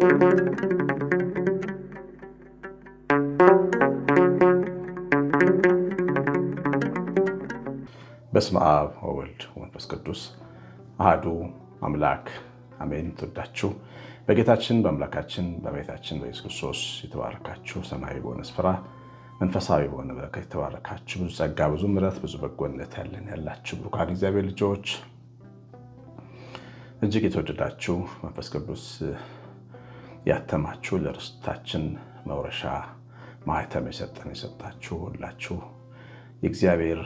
በስመ አብ ወወልድ ወመንፈስ ቅዱስ አህዱ አምላክ አሜን። ትወዳችሁ በጌታችን በአምላካችን በቤታችን በኢየሱስ ክርስቶስ የተባረካችሁ ሰማያዊ በሆነ ስፍራ መንፈሳዊ በሆነ በረከት የተባረካችሁ ብዙ ጸጋ፣ ብዙ ምሕረት፣ ብዙ በጎነት ያለን ያላችሁ ብሩካን እግዚአብሔር ልጆች እጅግ የተወደዳችሁ መንፈስ ቅዱስ ያተማችሁ ለርስታችን መውረሻ ማህተም የሰጠን የሰጣችሁ ሁላችሁ የእግዚአብሔር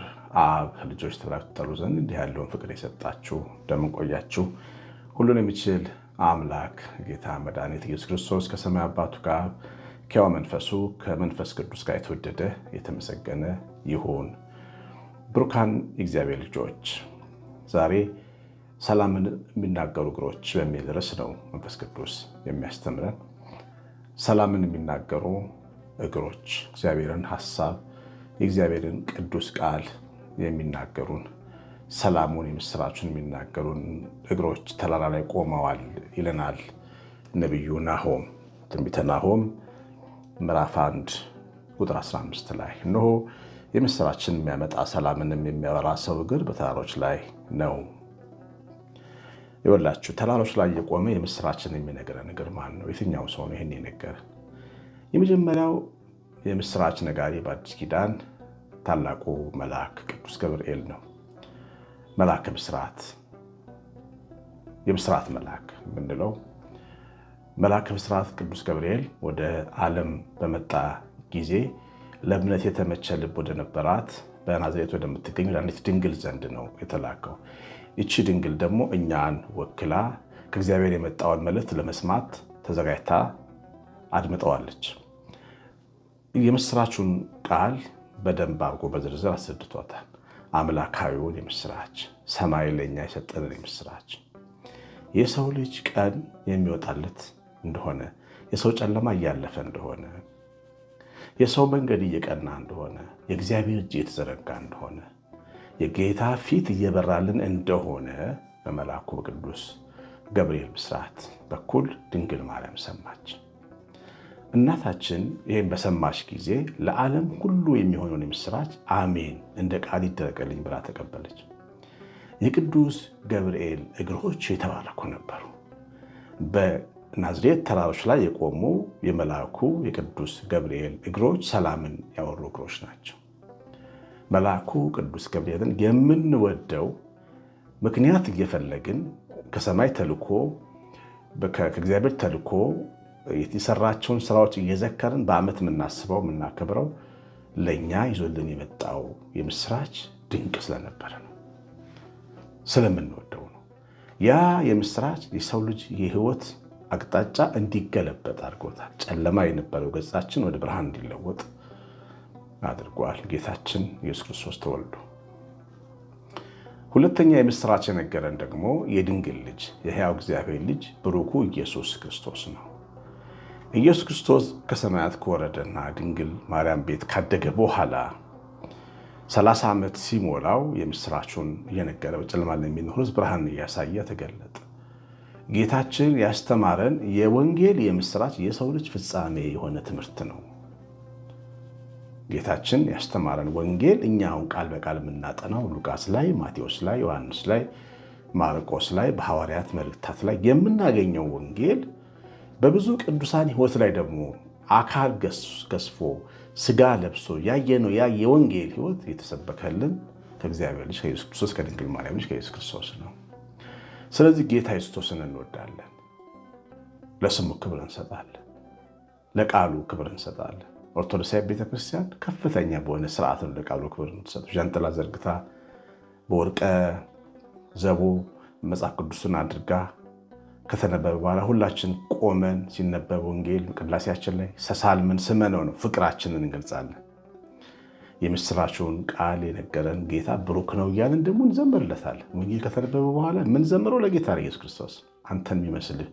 አብ ልጆች ተብላችሁ ትጠሩ ዘንድ እንዲህ ያለውን ፍቅር የሰጣችሁ እንደምን ሁሉን የሚችል አምላክ ጌታ መድኃኒት ኢየሱስ ክርስቶስ ከሰማይ አባቱ ጋር ከያው መንፈሱ ከመንፈስ ቅዱስ ጋር የተወደደ የተመሰገነ ይሁን። ብሩካን የእግዚአብሔር ልጆች ዛሬ ሰላምን የሚናገሩ እግሮች በሚል ርዕስ ነው መንፈስ ቅዱስ የሚያስተምረን። ሰላምን የሚናገሩ እግሮች እግዚአብሔርን ሀሳብ የእግዚአብሔርን ቅዱስ ቃል የሚናገሩን ሰላሙን የምስራቹን የሚናገሩን እግሮች ተራራ ላይ ቆመዋል ይለናል ነቢዩ ናሆም ትንቢተ ናሆም ምዕራፍ 1 ቁጥር 15 ላይ እነሆ የምስራችን የሚያመጣ ሰላምንም የሚያበራ ሰው እግር በተራሮች ላይ ነው ይወላችሁ ተራሮች ላይ የቆመ የምስራችን የሚነገረ ነገር ማን ነው? የትኛው ሰው ነው ይህን የነገረ? የመጀመሪያው የምስራች ነጋሪ በአዲስ ኪዳን ታላቁ መልአክ ቅዱስ ገብርኤል ነው። መልአክ ምስራት፣ የምስራት መልአክ የምንለው መልአክ ምስራት ቅዱስ ገብርኤል ወደ ዓለም በመጣ ጊዜ ለእምነት የተመቸ ልብ ወደ ነበራት በናዝሬት ወደምትገኝ ወደ አንዲት ድንግል ዘንድ ነው የተላከው። ይቺ ድንግል ደግሞ እኛን ወክላ ከእግዚአብሔር የመጣውን መልእክት ለመስማት ተዘጋጅታ አድምጠዋለች። የምስራቹን ቃል በደንብ አርጎ በዝርዝር አስረድቷታል። አምላካዊውን የምስራች ሰማይ ለእኛ የሰጠንን የምስራች የሰው ልጅ ቀን የሚወጣለት እንደሆነ የሰው ጨለማ እያለፈ እንደሆነ የሰው መንገድ እየቀና እንደሆነ የእግዚአብሔር እጅ እየተዘረጋ እንደሆነ የጌታ ፊት እየበራልን እንደሆነ በመልአኩ በቅዱስ ገብርኤል ብስራት በኩል ድንግል ማርያም ሰማች። እናታችን ይህም በሰማች ጊዜ ለዓለም ሁሉ የሚሆነውን የምስራች አሜን እንደ ቃል ይደረግልኝ ብላ ተቀበለች። የቅዱስ ገብርኤል እግሮች የተባረኩ ነበሩ። በናዝሬት ተራሮች ላይ የቆሙ የመልአኩ የቅዱስ ገብርኤል እግሮች ሰላምን ያወሩ እግሮች ናቸው። መልአኩ ቅዱስ ገብርኤልን የምንወደው ምክንያት እየፈለግን ከሰማይ ተልኮ ከእግዚአብሔር ተልኮ የሰራቸውን ስራዎች እየዘከርን በዓመት የምናስበው የምናከብረው ለእኛ ይዞልን የመጣው የምስራች ድንቅ ስለነበረ ነው፣ ስለምንወደው ነው። ያ የምስራች የሰው ልጅ የህይወት አቅጣጫ እንዲገለበጥ አድርጎታል። ጨለማ የነበረው ገጻችን ወደ ብርሃን እንዲለወጥ አድርጓል። ጌታችን ኢየሱስ ክርስቶስ ተወልዶ ሁለተኛ የምስራች የነገረን ደግሞ የድንግል ልጅ የሕያው እግዚአብሔር ልጅ ብሩኩ ኢየሱስ ክርስቶስ ነው። ኢየሱስ ክርስቶስ ከሰማያት ከወረደና ድንግል ማርያም ቤት ካደገ በኋላ 30 ዓመት ሲሞላው የምስራቹን እየነገረ በጨለማ ለሚኖር ሕዝብ ብርሃን እያሳየ ተገለጠ። ጌታችን ያስተማረን የወንጌል የምስራች የሰው ልጅ ፍጻሜ የሆነ ትምህርት ነው። ጌታችን ያስተማረን ወንጌል እኛ አሁን ቃል በቃል የምናጠናው ሉቃስ ላይ፣ ማቴዎስ ላይ፣ ዮሐንስ ላይ፣ ማርቆስ ላይ፣ በሐዋርያት መልእክታት ላይ የምናገኘው ወንጌል በብዙ ቅዱሳን ሕይወት ላይ ደግሞ አካል ገዝፎ ስጋ ለብሶ ያየነው ያ የወንጌል ሕይወት የተሰበከልን ከእግዚአብሔር ልጅ ከኢየሱስ ክርስቶስ ከድንግል ማርያም ልጅ ከኢየሱስ ክርስቶስ ነው። ስለዚህ ጌታ ክርስቶስን እንወዳለን። ለስሙ ክብር እንሰጣለን። ለቃሉ ክብር እንሰጣለን። ኦርቶዶክሳዊ ቤተክርስቲያን ከፍተኛ በሆነ ስርዓት ነው ለቃሉ ክብር ሰጡ። ዣንጥላ ዘርግታ በወርቀ ዘቦ መጽሐፍ ቅዱስን አድርጋ ከተነበበ በኋላ ሁላችን ቆመን ሲነበብ ወንጌል ቅዳሴያችን ላይ ሰሳልምን ስመነው ነው ፍቅራችንን እንገልጻለን። የምስራቸውን ቃል የነገረን ጌታ ብሩክ ነው እያለን ደግሞ እንዘምርለታለን። ወንጌል ከተነበበ በኋላ የምንዘምረው ለጌታ ኢየሱስ ክርስቶስ አንተን የሚመስልህ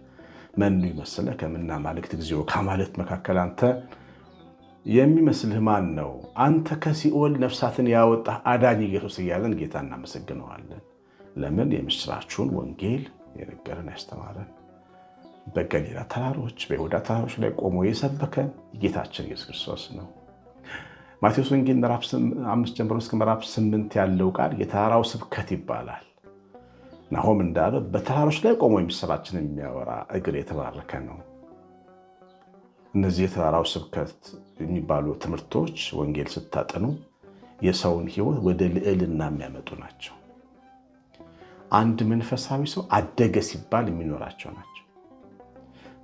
መኑ ይመስለ ከምና ማልክት ጊዜው ከማለት መካከል አንተ የሚመስልህ ማን ነው? አንተ ከሲኦል ነፍሳትን ያወጣህ አዳኝ ኢየሱስ እያለን ጌታ እናመሰግነዋለን። ለምን የምስራችሁን ወንጌል የነገረን ያስተማረን፣ በገሊላ ተራሮች በይሁዳ ተራሮች ላይ ቆሞ የሰበከን ጌታችን ኢየሱስ ክርስቶስ ነው። ማቴዎስ ወንጌል ምዕራፍ አምስት ጀምሮ እስከ ምዕራፍ ስምንት ያለው ቃል የተራራው ስብከት ይባላል። ናሆም እንዳለ በተራሮች ላይ ቆሞ የምስራችንን የሚያወራ እግር የተባረከ ነው። እነዚህ የተራራው ስብከት የሚባሉ ትምህርቶች ወንጌል ስታጠኑ የሰውን ህይወት ወደ ልዕልና የሚያመጡ ናቸው። አንድ መንፈሳዊ ሰው አደገ ሲባል የሚኖራቸው ናቸው።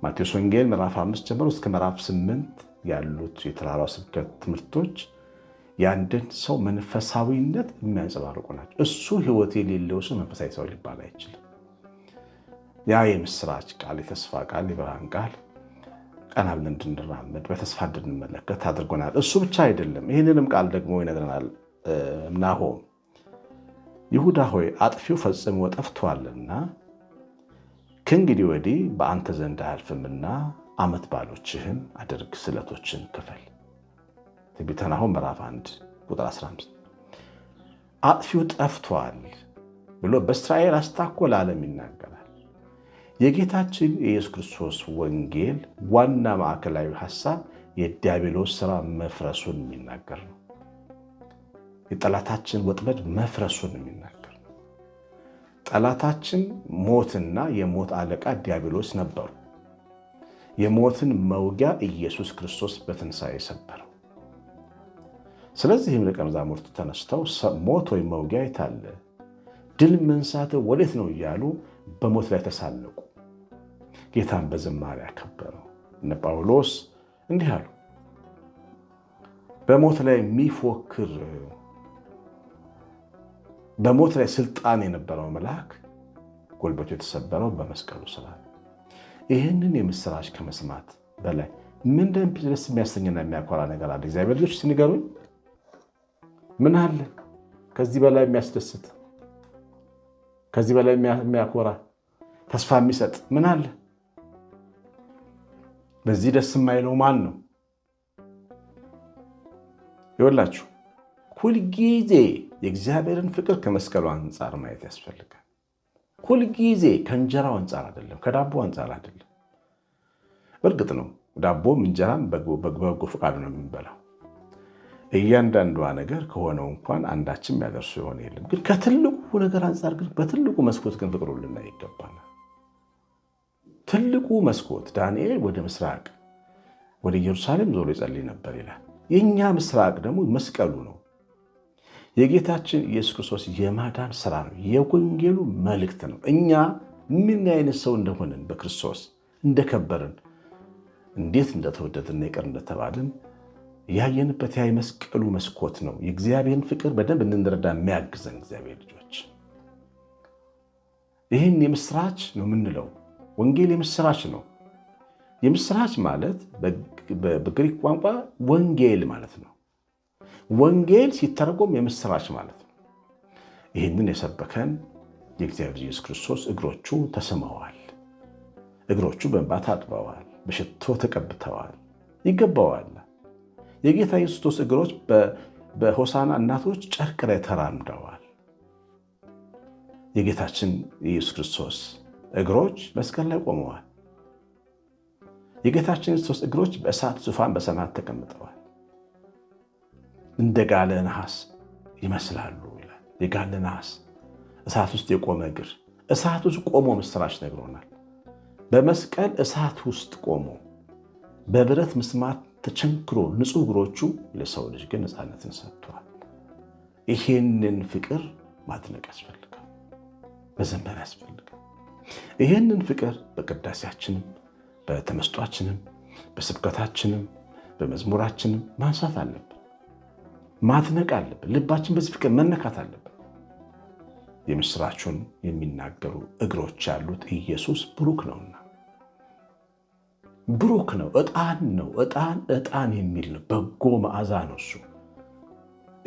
ማቴዎስ ወንጌል ምዕራፍ አምስት ጀምሮ እስከ ምዕራፍ ስምንት ያሉት የተራራው ስብከት ትምህርቶች የአንድን ሰው መንፈሳዊነት የሚያንጸባርቁ ናቸው። እሱ ህይወት የሌለው ሰው መንፈሳዊ ሰው ሊባል አይችልም። ያ የምስራች ቃል፣ የተስፋ ቃል፣ የብርሃን ቃል ቀና ብለን እንድንራመድ በተስፋ እንድንመለከት አድርጎናል። እሱ ብቻ አይደለም፣ ይህንንም ቃል ደግሞ ይነግረናል ናሆም ይሁዳ ሆይ አጥፊው ፈጽሞ ጠፍቷልና ከእንግዲህ ወዲህ በአንተ ዘንድ አያልፍምና ዓመት ባሎችህን አድርግ፣ ስለቶችን ክፈል። ትንቢተ ናሆም ምዕራፍ 1 ቁጥር 15 አጥፊው ጠፍቷል ብሎ በእስራኤል አስታኮ ለዓለም ይናገራል። የጌታችን የኢየሱስ ክርስቶስ ወንጌል ዋና ማዕከላዊ ሐሳብ የዲያብሎስ ስራ መፍረሱን የሚናገር ነው። የጠላታችን ወጥመድ መፍረሱን የሚናገር ነው። ጠላታችን ሞትና የሞት አለቃ ዲያብሎስ ነበሩ። የሞትን መውጊያ ኢየሱስ ክርስቶስ በትንሣኤ ሰበረው። ስለዚህም ደቀ መዛሙርቱ ተነስተው ሞት ወይም መውጊያ የታለ ድል መንሳት ወዴት ነው እያሉ በሞት ላይ ተሳለቁ። ጌታን በዝማሬ ያከበረው። እነ ጳውሎስ እንዲህ አሉ፣ በሞት ላይ የሚፎክር በሞት ላይ ስልጣን የነበረው መልአክ ጉልበቱ የተሰበረው በመስቀሉ ስራ። ይህንን የምስራች ከመስማት በላይ ምን ደስ የሚያሰኝና የሚያኮራ ነገር አለ? እግዚአብሔር ልጆች ሲንገሩኝ ምን አለ ከዚህ በላይ የሚያስደስት ከዚህ በላይ የሚያኮራ ተስፋ የሚሰጥ ምን አለ? በዚህ ደስ የማይለው ማን ነው? ይወላችሁ ሁልጊዜ የእግዚአብሔርን ፍቅር ከመስቀሉ አንጻር ማየት ያስፈልጋል። ሁልጊዜ ከእንጀራው አንጻር አይደለም፣ ከዳቦ አንጻር አይደለም። እርግጥ ነው ዳቦም እንጀራም በጎ ፈቃዱ ነው የምንበላው። እያንዳንዷ ነገር ከሆነው እንኳን አንዳችም ያደርሱ የሆነ የለም። ግን ከትልቁ ነገር አንጻር ግን በትልቁ መስኮት ግን ፍቅሩን ልናይ ይገባናል። ትልቁ መስኮት ዳንኤል ወደ ምስራቅ ወደ ኢየሩሳሌም ዞሮ ይጸልይ ነበር ይላል። የእኛ ምስራቅ ደግሞ መስቀሉ ነው። የጌታችን ኢየሱስ ክርስቶስ የማዳን ስራ ነው። የወንጌሉ መልእክት ነው። እኛ ምን አይነት ሰው እንደሆንን በክርስቶስ እንደከበርን፣ እንዴት እንደተወደድና ይቅር እንደተባልን ያየንበት ያ የመስቀሉ መስኮት ነው። የእግዚአብሔርን ፍቅር በደንብ እንድንረዳ የሚያግዘን እግዚአብሔር ልጆች፣ ይህን የምስራች ነው የምንለው ወንጌል የምስራች ነው። የምስራች ማለት በግሪክ ቋንቋ ወንጌል ማለት ነው። ወንጌል ሲተረጎም የምስራች ማለት ነው። ይህንን የሰበከን የእግዚአብሔር ኢየሱስ ክርስቶስ እግሮቹ ተስመዋል። እግሮቹ በእንባ ታጥበዋል፣ በሽቶ ተቀብተዋል። ይገባዋል። የጌታ ኢየሱስ እግሮች በሆሳና እናቶች ጨርቅ ላይ ተራምደዋል። የጌታችን የኢየሱስ ክርስቶስ እግሮች መስቀል ላይ ቆመዋል። የጌታችን ክርስቶስ እግሮች በእሳት ዙፋን በሰማያት ተቀምጠዋል። እንደ ጋለ ነሐስ ይመስላሉ ይላል። የጋለ ነሐስ እሳት ውስጥ የቆመ እግር እሳት ውስጥ ቆሞ ምስራች ነግሮናል። በመስቀል እሳት ውስጥ ቆሞ በብረት ምስማት ተቸንክሮ ንጹህ እግሮቹ ለሰው ልጅ ግን ነፃነትን ሰጥቷል። ይሄንን ፍቅር ማድነቅ ያስፈልጋል፣ መዘመር ያስፈልጋል። ይህንን ፍቅር በቅዳሴያችንም በተመስጧችንም በስብከታችንም በመዝሙራችንም ማንሳት አለብን፣ ማድነቅ አለብን። ልባችን በዚህ ፍቅር መነካት አለብን። የምስራቹን የሚናገሩ እግሮች ያሉት ኢየሱስ ብሩክ ነውና ብሩክ ነው። እጣን ነው። እጣን እጣን የሚል ነው። በጎ መዓዛ ነው። እሱ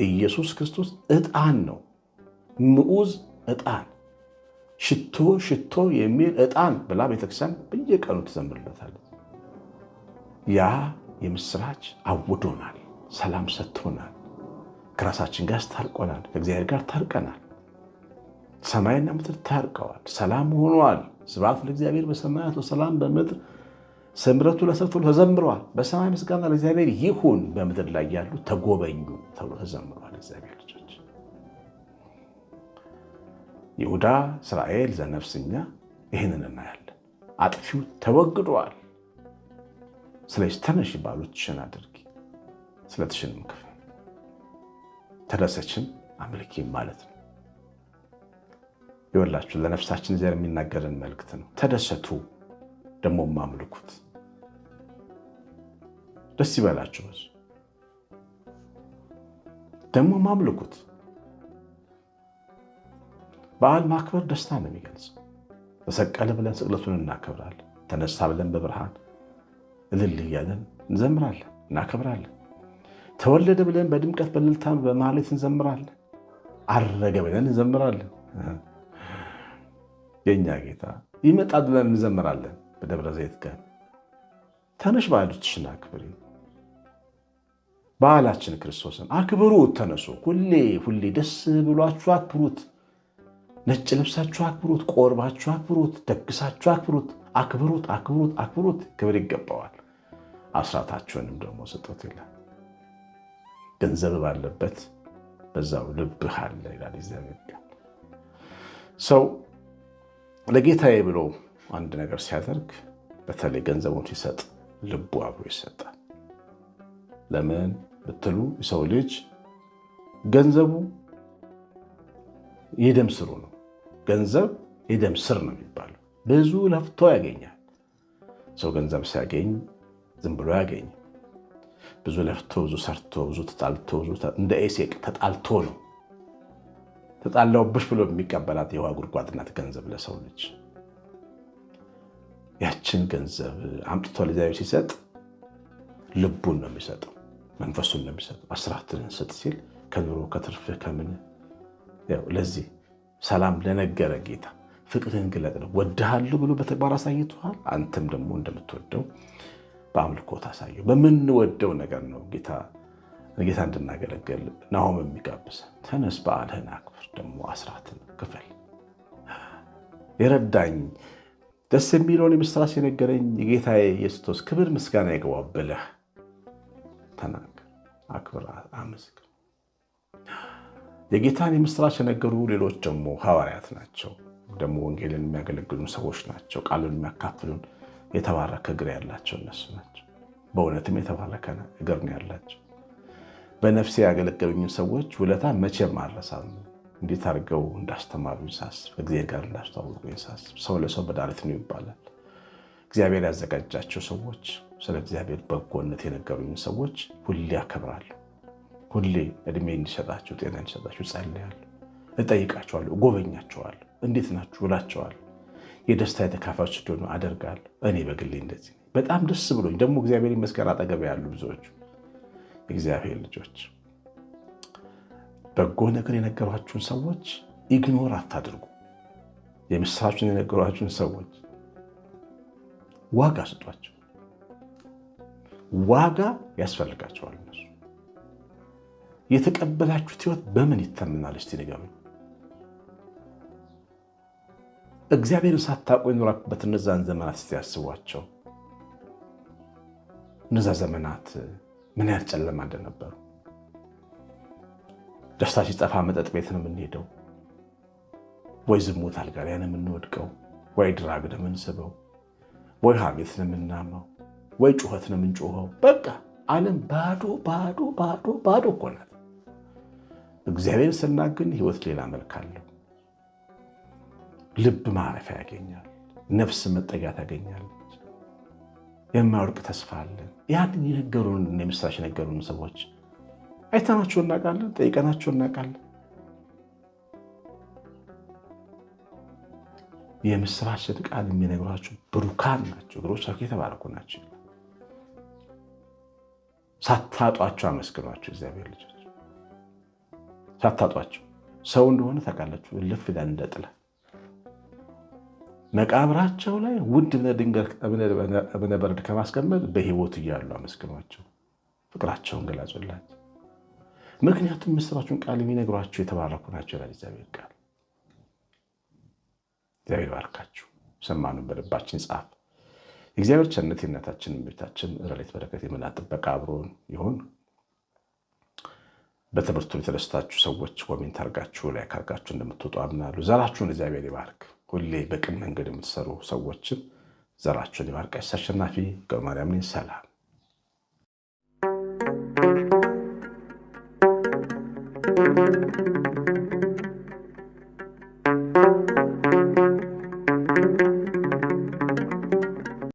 ኢየሱስ ክርስቶስ እጣን ነው፣ ምዑዝ እጣን። ሽቶ ሽቶ የሚል ዕጣን ብላ ቤተክርስቲያን በየቀኑ ትዘምርለታለች። ያ የምስራች አውዶናል፣ ሰላም ሰጥቶናል፣ ከራሳችን ጋር ታርቆናል፣ ከእግዚአብሔር ጋር ታርቀናል። ሰማይና ምድር ታርቀዋል፣ ሰላም ሆኗል። ስብሐት ለእግዚአብሔር በሰማያት ወሰላም በምድር ስምረቱ ለሰብእ ሁሉ ተዘምረዋል። በሰማይ ምስጋና ለእግዚአብሔር ይሁን፣ በምድር ላይ ያሉ ተጎበኙ ተብሎ ተዘምረዋል። እግዚአብሔር ይሁዳ እስራኤል ዘነፍስኛ ይህንን እናያለን። አጥፊው ተወግዷል። ስለዚህ ተነሽ ባሎችሽን አድርጊ፣ ስለትሽንም ክፈ ተደሰችን አምልኪ ማለት ነው። ይወላችሁ ለነፍሳችን ዘር የሚናገርን መልክት ነው። ተደሰቱ ደግሞ ማምልኩት ደስ ይበላችሁ፣ ደግሞ ማምልኩት በዓል ማክበር ደስታ ነው የሚገልጽ። ተሰቀለ ብለን ስቅለቱን እናከብራለን። ተነሳ ብለን በብርሃን እልል እያለን እንዘምራለን፣ እናከብራለን። ተወለደ ብለን በድምቀት በልልታ በማለት እንዘምራለን። አረገ ብለን እንዘምራለን። የእኛ ጌታ ይመጣል ብለን እንዘምራለን። በደብረ ዘይት ቀን ተነሽ በዓሎችሽን አክብሪ። በዓላችን ክርስቶስን አክብሩ፣ ተነሱ። ሁሌ ሁሌ ደስ ብሏችሁ አክብሩት። ነጭ ልብሳችሁ አክብሩት፣ ቆርባችሁ አክብሩት፣ ደግሳችሁ አክብሩት። አክብሩት፣ አክብሩት፣ አክብሩት። ክብር ይገባዋል። አስራታችሁንም ደግሞ ስጡት ይላል። ገንዘብ ባለበት በዛው ልብህ አለ ይላል። ሰው ለጌታዬ ብሎ አንድ ነገር ሲያደርግ በተለይ ገንዘቡን ሲሰጥ ልቡ አብሮ ይሰጣል። ለምን ብትሉ የሰው ልጅ ገንዘቡ የደም ስሩ ነው። ገንዘብ የደም ስር ነው የሚባለው። ብዙ ለፍቶ ያገኛል ሰው ገንዘብ ሲያገኝ ዝም ብሎ ያገኝ ብዙ ለፍቶ ብዙ ሰርቶ ብዙ ተጣልቶ እንደ ኤሴቅ ተጣልቶ ነው ተጣላውብሽ ብሎ የሚቀበላት የውሃ ጉድጓድ ናት ገንዘብ ለሰው ልጅ። ያችን ገንዘብ አምጥቶ ለዚያዩ ሲሰጥ ልቡን ነው የሚሰጠው፣ መንፈሱን ነው የሚሰጠው። አስራትን ስጥ ሲል ከኑሮ ከትርፍህ ከምን ለዚህ ሰላም ለነገረ ጌታ ፍቅርህን ግለጥ ነው። ወድሃለሁ ብሎ በተግባር አሳይቶሃል። አንተም ደግሞ እንደምትወደው በአምልኮ አሳየው። በምንወደው ነገር ነው ጌታ እንድናገለገል ናሆም የሚጋብዘ ተነስ፣ በዓልህን አክብር፣ ደግሞ አስራትን ክፈል። የረዳኝ ደስ የሚለውን የምስራች የነገረኝ የጌታ የኢየሱስ ክብር ምስጋና ይግባው ብለህ ተናገር፣ አክብር፣ አመስግን። የጌታን የምስራች የነገሩ ሌሎች ደግሞ ሐዋርያት ናቸው። ደግሞ ወንጌልን የሚያገለግሉን ሰዎች ናቸው። ቃሉን የሚያካፍሉን የተባረከ እግር ያላቸው እነሱ ናቸው። በእውነትም የተባረከ እግር ነው ያላቸው። በነፍሴ ያገለገሉኝን ሰዎች ውለታ መቼም አልረሳም። እንዴት አድርገው እንዳስተማሩኝ ሳስብ፣ እግዚአብሔር ጋር እንዳስተዋወቁኝ ሳስብ፣ ሰው ለሰው መድኃኒት ነው ይባላል። እግዚአብሔር ያዘጋጃቸው ሰዎች፣ ስለ እግዚአብሔር በጎነት የነገሩኝ ሰዎች ሁሌ ያከብራሉ። ሁሌ እድሜ እንዲሰጣችሁ ጤና እንዲሰጣችሁ ጸልያለሁ። እጠይቃችኋለሁ፣ እጎበኛችኋለሁ፣ እንዴት ናችሁ እላቸዋለሁ። የደስታ የተካፋች እንደሆኑ አደርጋለሁ። እኔ በግሌ እንደዚህ በጣም ደስ ብሎኝ ደግሞ እግዚአብሔር ይመስገን አጠገብ ያሉ ብዙዎቹ እግዚአብሔር ልጆች በጎ ነገር የነገሯችሁን ሰዎች ኢግኖር አታድርጉ። የምስራችን የነገሯችሁን ሰዎች ዋጋ ስጧቸው። ዋጋ ያስፈልጋቸዋል እነሱ የተቀበላችሁት ህይወት በምን ይተምናል? እስቲ ንገሩ። እግዚአብሔርን ሳታውቁ የኖራችሁበት እነዛን ዘመናት እስቲ ያስቧቸው። እነዛ ዘመናት ምን ያህል ጨለማ እንደነበሩ። ደስታ ሲጠፋ መጠጥ ቤት ነው የምንሄደው፣ ወይ ዝሙት አልጋ ላይ ነው የምንወድቀው፣ ወይ ድራግ ነው የምንስበው፣ ወይ ሐሜት ነው የምናመው፣ ወይ ጩኸት ነው የምንጮኸው። በቃ ዓለም ባዶ ባዶ ባዶ ባዶ እኮ ናት። እግዚአብሔር ስናግን ህይወት ሌላ መልክ አለው። ልብ ማረፊያ ያገኛል። ነፍስ መጠጊያ ታገኛለች። የማያወርቅ ተስፋ አለን። ያን የነገሩን የምስራች የነገሩን ሰዎች አይተናቸው እናውቃለን፣ ጠይቀናቸው እናውቃለን። የምስራች ቃል የሚነግሯቸው ብሩካን ናቸው፣ እግሮቻቸው የተባረኩ ናቸው። ሳታጧቸው አመስግኗቸው እግዚአብሔር ልጆች ሳታጧቸው ሰው እንደሆነ ታውቃላችሁ። እልፍ ይላል እንደ ጥላ። መቃብራቸው ላይ ውድ ድንገር እብነ በረድ ከማስቀመጥ በህይወት እያሉ አመስግኗቸው፣ ፍቅራቸውን ገላጹላቸው። ምክንያቱም ምስራችን ቃል የሚነግሯቸው የተባረኩ ናቸው ይላል እግዚአብሔር ቃል። እግዚአብሔር ባርካችሁ፣ ሰማኑ በልባችን ጻፍ። እግዚአብሔር ቸርነት የእናታችን ቤታችን ረሌት በረከት የምናጥበቃ አብሮን ይሁን። በትምህርቱ የተደስታችሁ ሰዎች ኮሜንት አርጋችሁ ላይ ካርጋችሁ እንደምትወጡ አምናሉ። ዘራችሁን እግዚአብሔር ይባርክ። ሁሌ በቅን መንገድ የምትሰሩ ሰዎችን ዘራችሁን ይባርክ። ቀሲስ አሸናፊ ገብረ ነኝ። ሰላም Thank you.